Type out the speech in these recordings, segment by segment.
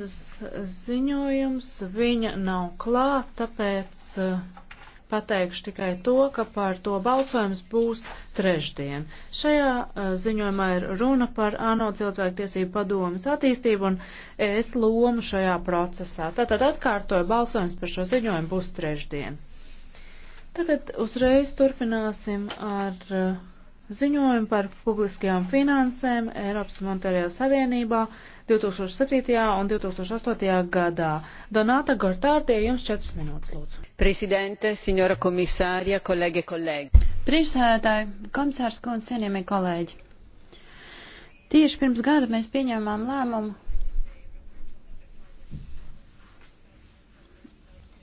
ziņojums, viņa nav klāt, tāpēc eh, pateikšu tikai to, ka par to balsojums būs trešdien. Šajā eh, ziņojumā ir runa par ANO cilvēktiesību padomas attīstību un es lomu šajā procesā. Tātad atkārtoju, balsojums par šo ziņojumu būs trešdien. Tagad uzreiz turpināsim ar eh, ziņojumu par publiskajām finansēm Eiropas Monetārajā Savienībā 2007. un 2008. gadā. Donāta Gortārdie, jums 4 minūtes, lūdzu. Prezidente, signora komisārija, kolēģi, kolēģi. Priekšsēdētāji, komisārs Kunz, cienījamie kolēģi. Tieši pirms gada mēs pieņēmām lēmumu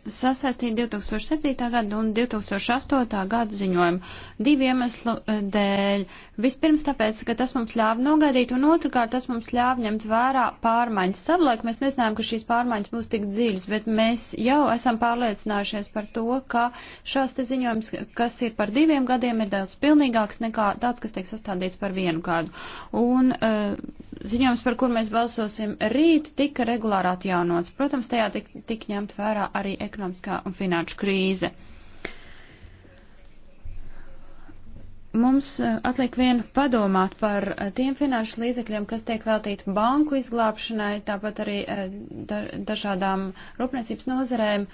sasaistīt 2007. gada un 2008. gada ziņojumu divu iemeslu eh, dēļ. Vispirms tāpēc, ka tas mums ļāva nogaidīt, un otrkārt tas mums ļāva ņemt vērā pārmaiņas. Savulaik mēs nezinājām, ka šīs pārmaiņas būs tik dziļas, bet mēs jau esam pārliecinājušies par to, ka šās te ziņojums, kas ir par diviem gadiem, ir daudz pilnīgāks nekā tāds, kas tiek sastādīts par vienu gadu. Un, uh, ziņojums, par kur mēs balsosim rīt, tika regulāri atjaunots. Protams, tajā tika tik ņemt vērā arī ekonomiskā un finanšu krīze. Mums e, atliek vien padomāt par e, tiem finanšu līdzekļiem, kas tiek veltīti banku izglābšanai, tāpat arī e, dažādām rūpniecības nozarēm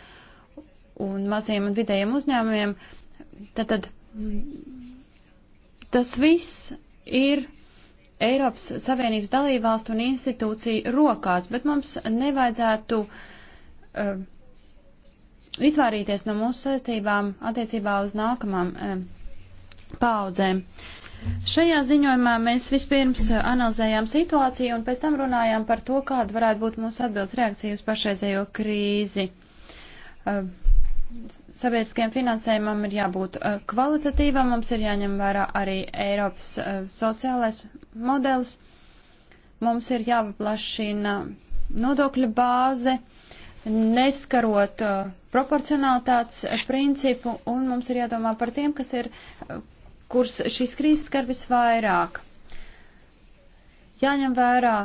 un maziem un vidējiem uzņēmumiem. Tātad tas viss ir Eiropas Savienības dalībvalstu un institūciju rokās, bet mums nevajadzētu uh, izvairīties no mūsu saistībām attiecībā uz nākamām uh, paudzēm. Šajā ziņojumā mēs vispirms analizējām situāciju un pēc tam runājām par to, kāda varētu būt mūsu atbildes reakcija uz pašreizējo krīzi. Uh, sabiedriskajam finansējumam ir jābūt uh, kvalitatīvam, mums ir jāņem vērā arī Eiropas uh, sociālais modelis, mums ir jāpaplašina nodokļu bāze, neskarot uh, proporcionalitātes principu, un mums ir jādomā par tiem, kas ir, kurus šīs krīzes skar visvairāk. Jāņem vērā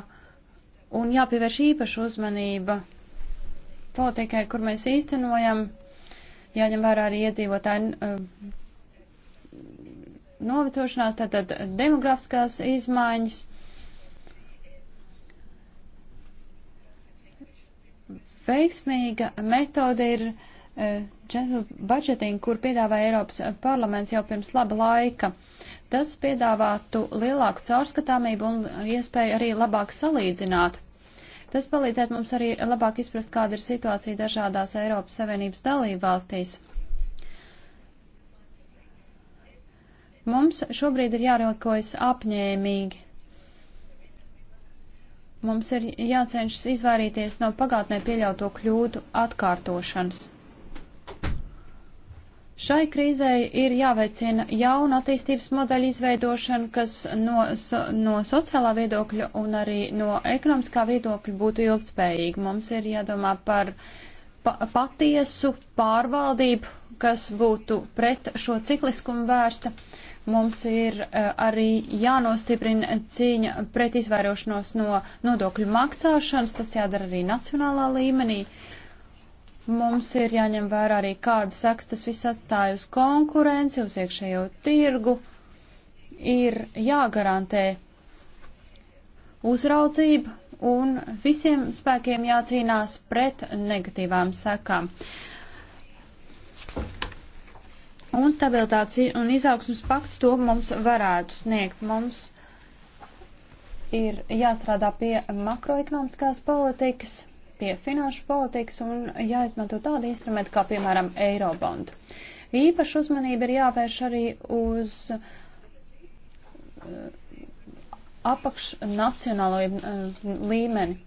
un jāpievērš īpaša uzmanība politikai, kur mēs īstenojam jāņem vērā arī iedzīvotāji uh, novecošanās, tātad demografiskās izmaiņas. Veiksmīga metode ir uh, general budgeting, kur piedāvā Eiropas parlaments jau pirms laba laika. Tas piedāvātu lielāku caurskatāmību un iespēju arī labāk salīdzināt Tas palīdzētu mums arī labāk izprast, kāda ir situācija dažādās Eiropas Savienības dalībvalstīs. Mums šobrīd ir jārīkojas apņēmīgi. Mums ir jācenšas izvairīties no pagātnē pieļauto kļūdu atkārtošanas. Šai krīzei ir jāveicina jauna attīstības modeļa izveidošana, kas no, so, no sociālā viedokļa un arī no ekonomiskā viedokļa būtu ilgspējīga. Mums ir jādomā par pa patiesu pārvaldību, kas būtu pret šo cikliskumu vērsta. Mums ir uh, arī jānostiprina cīņa pret izvairošanos no nodokļu maksāšanas, tas jādara arī nacionālā līmenī. Uh, Mums ir jāņem vērā arī, kādas saks tas viss atstāj uz konkurenci, uz iekšējo tirgu. Ir jāgarantē uzraudzība un visiem spēkiem jācīnās pret negatīvām sekām. Un stabilitātes un izaugsmas pakts to mums varētu sniegt. Mums ir jāstrādā pie makroekonomiskās politikas pie finanšu politikas un jāizmanto tādi instrumenti kā, piemēram, Eirobond. Īpaši uzmanība ir jāvērš arī uz uh, apakšnacionālo uh, līmeni.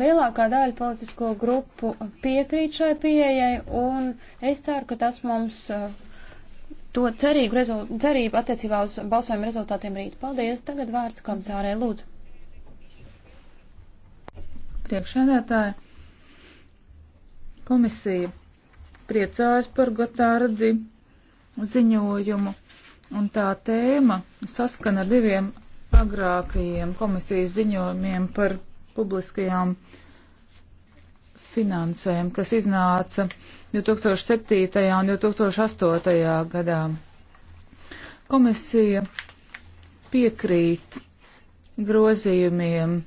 Lielākā daļa politisko grupu piekrīt šai pieejai, un es ceru, ka tas mums uh, to cerību, rezult, cerību attiecībā uz balsojuma rezultātiem rīt. Paldies! Tagad vārds komisārai Lūdzu. Priekšsēdētāji, komisija priecājas par Gotardi ziņojumu, un tā tēma saskana diviem agrākajiem komisijas ziņojumiem par publiskajām finansēm, kas iznāca 2007. un 2008. gadā. Komisija piekrīt grozījumiem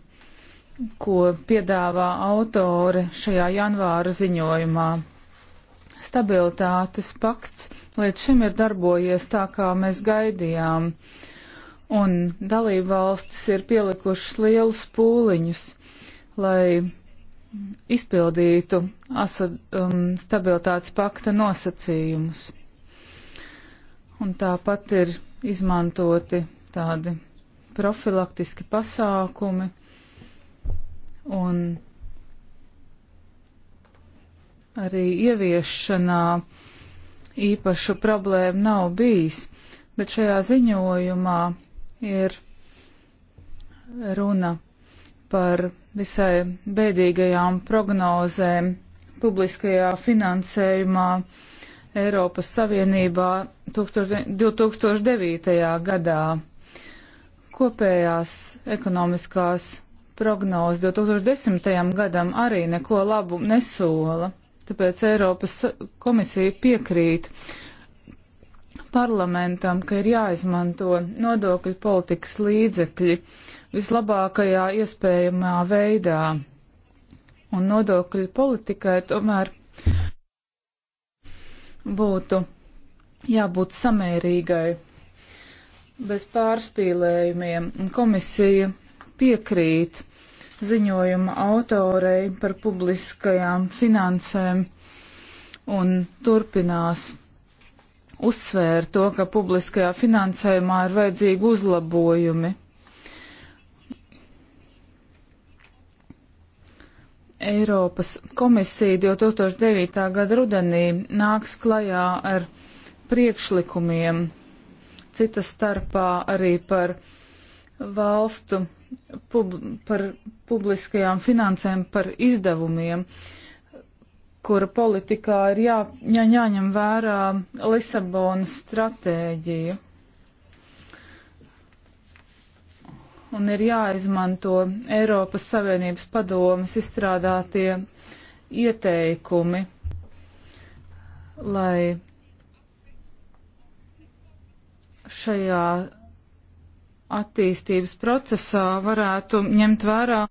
ko piedāvā autore šajā janvāra ziņojumā. Stabilitātes pakts līdz šim ir darbojies tā, kā mēs gaidījām, un dalībvalstis ir pielikušas lielus pūliņus, lai izpildītu asad, um, stabilitātes pakta nosacījumus. Un tāpat ir izmantoti tādi profilaktiski pasākumi un arī ieviešanā īpašu problēmu nav bijis, bet šajā ziņojumā ir runa par visai bēdīgajām prognozēm publiskajā finansējumā Eiropas Savienībā 2009. gadā. Kopējās ekonomiskās prognoze 2010. gadam arī neko labu nesola, tāpēc Eiropas komisija piekrīt parlamentam, ka ir jāizmanto nodokļu politikas līdzekļi vislabākajā iespējamā veidā. Un nodokļu politikai tomēr būtu jābūt samērīgai, bez pārspīlējumiem. Komisija piekrīt ziņojuma autorei par publiskajām finansēm un turpinās uzsvēra to, ka publiskajā finansējumā ir vajadzīgi uzlabojumi. Eiropas komisija 2009. gada rudenī nāks klajā ar priekšlikumiem, cita starpā arī par valstu pub par publiskajām finansēm, par izdevumiem, kura politikā ir jā, jā, jāņem vērā Lisabonas stratēģija. Un ir jāizmanto Eiropas Savienības padomas izstrādātie ieteikumi, lai šajā attīstības procesā varētu ņemt vērā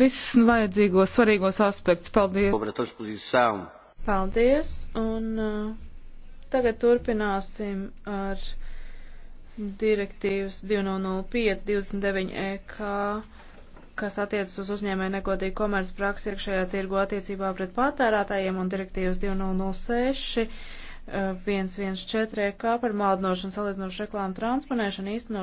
visus vajadzīgos svarīgos aspektus. Paldies! Paldies! Un uh, tagad turpināsim ar direktīvas 2005-29 EK kas attiecas uz uzņēmēju negodīgu komercpraksi iekšējā tirgu attiecībā pret patērētājiem un direktīvas 2006 114 eh, e kā par maldinošanu salīdzinošu reklāmu transponēšanu īstenot.